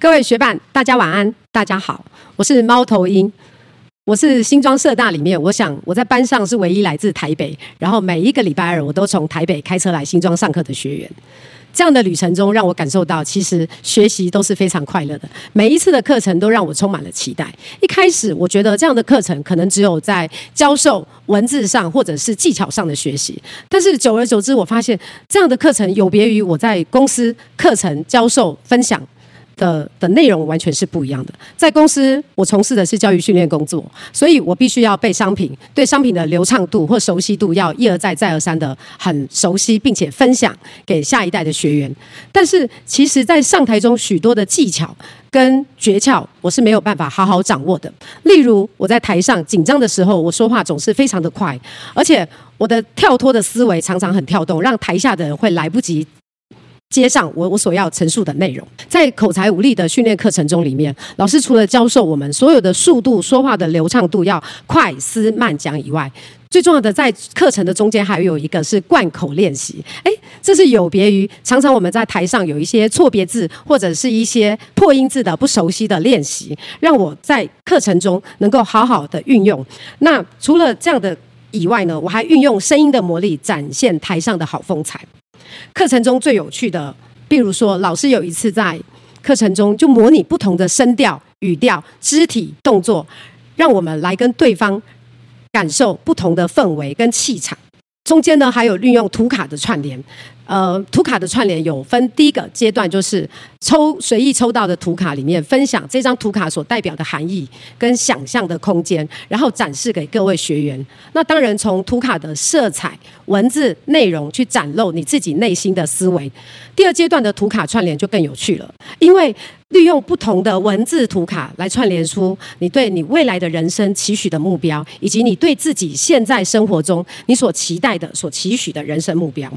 各位學伴，大家晚安，大家好，我是貓頭鷹，我是新莊社大裡面，我想我在班上是唯一來自台北，然後每一個禮拜二我都從台北開車來新莊上課的學員。這樣的旅程中，讓我感受到其實學習都是非常快樂的，每一次的課程都讓我充滿了期待。一開始我覺得這樣的課程可能只有在教授文字上或者是技巧上的學習，但是久而久之，我發現這樣的課程有別於我在公司課程教授分享。的的內容完全是不一樣的。在公司，我從事的是教育訓練工作，所以我必須要背商品，對商品的流暢度或熟悉度要一而再、再而三的很熟悉，並且分享給下一代的學員。但是，其實，在上台中許多的技巧跟訣竅，我是沒有辦法好好掌握的。例如，我在台上緊張的時候，我說話總是非常的快，而且我的跳脫的思維常常很跳動，讓台下的人會來不及，接上我我所要陳述的內容，在口才五力的訓練課程中，裡面老師除了教授我們所有的速度說話的流暢度要快思慢講以外，最重要的在課程的中間還有一個是貫口練習。哎，這是有別於常常我們在台上有一些錯別字或者是一些破音字的不熟悉的練習，讓我在課程中能夠好好的運用。那除了這樣的以外呢，我還運用聲音的魔力展現台上的好風采。課程中最有趣的，比如說，老師有一次在課程中就模擬不同的聲調、語調、肢體動作，讓我們來跟對方感受不同的氛圍跟氣場。中間呢，還有運用圖卡的串聯，呃，圖卡的串聯有分第一個階段，就是抽隨意抽到的圖卡裡面分享這張圖卡所代表的含義跟想象的空間，然後展示給各位學員。那當然從圖卡的色彩、文字、內容去展露你自己內心的思維。第二階段的圖卡串聯就更有趣了，因為。利用不同的文字圖卡來串聯出你對你未來的人生期許的目標，以及你對自己現在生活中你所期待的、所期許的人生目標。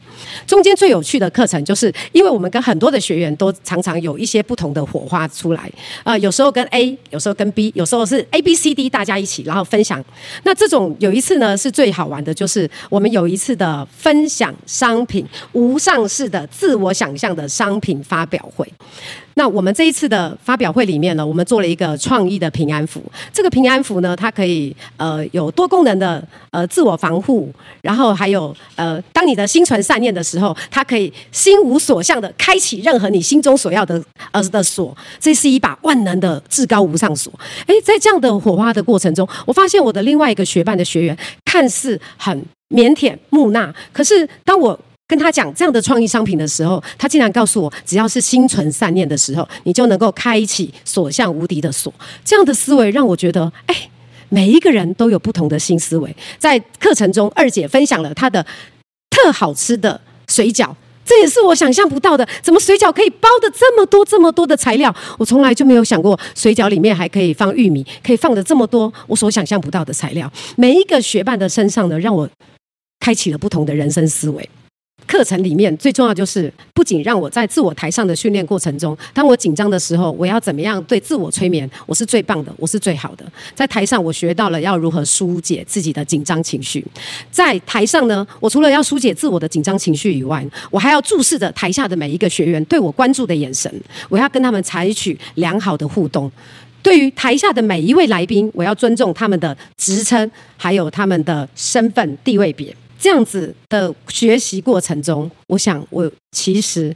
中間最有趣的課程，就是因為我們跟很多的學員都常常有一些不同的火花出來。呃，有時候跟 A，有時候跟 B，有時候是 A、B、C、D 大家一起，然後分享。那這種有一次呢，是最好玩的，就是我們有一次的分享商品無上市的自我想象的商品發表會。那我們這一次的發表會裡面呢，我們做了一個創意的平安符。這個平安符呢，它可以呃有多功能的呃自我防護，然後還有呃當你的心存善念的時候，它可以心無所向的開啟任何你心中所要的呃的鎖，這是一把萬能的至高無上鎖。哎，在這樣的火花的過程中，我發現我的另外一個學伴的學員看似很腼腆木訥，可是當我跟他講這樣的創意商品的時候，他竟然告訴我，只要是心存善念的時候，你就能夠開啟所向無敵的鎖。這樣的思維讓我覺得，哎，每一個人都有不同的新思維。在課程中，二姐分享了她的特好吃的水餃，這也是我想象不到的。怎麼水餃可以包得這麼多這麼多的材料？我從來就沒有想過，水餃裡面還可以放玉米，可以放得這麼多我所想象不到的材料。每一個學霸的身上呢，讓我開啟了不同的人生思維。課程裡面最重要就是，不僅讓我在自我台上的訓練過程中，當我緊張的時候，我要怎麼樣對自我催眠？我是最棒的，我是最好的。在台上，我學到了要如何疏解自己的緊張情緒。在台上呢，我除了要疏解自我的緊張情緒以外，我還要注視着台下的每一個學員對我關注的眼神，我要跟他們採取良好的互動。對於台下的每一位來賓，我要尊重他們的職稱，還有他們的身份地位別。這樣子的學習過程中，我想我其實。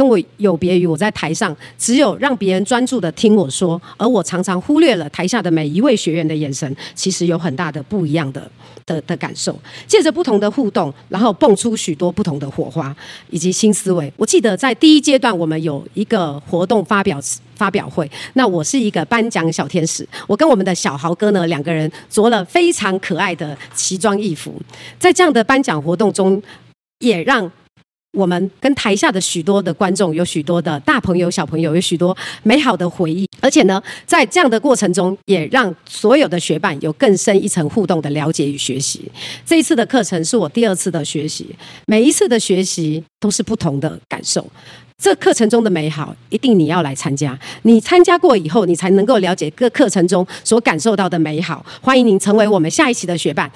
跟我有別於我在台上，只有讓別人專注地聽我說，而我常常忽略了台下的每一位學員的眼神，其實有很大的不一樣的的的感受。借着不同的互動，然後蹦出許多不同的火花以及新思維。我記得在第一階段，我們有一個活動發表發表會，那我是一個頒獎小天使，我跟我們的小豪哥呢兩個人着了非常可愛的奇裝異服，在這樣的頒獎活動中，也讓。我們跟台下的許多的觀眾，有許多的大朋友、小朋友，有許多美好的回憶。而且呢，在這樣的過程中，也讓所有的學伴有更深一層互動的了解與學習。這一次的課程是我第二次的學習，每一次的學習都是不同的感受。這課程中的美好，一定你要來參加。你參加過以後，你才能夠了解各課程中所感受到的美好。歡迎您成為我們下一期的學伴。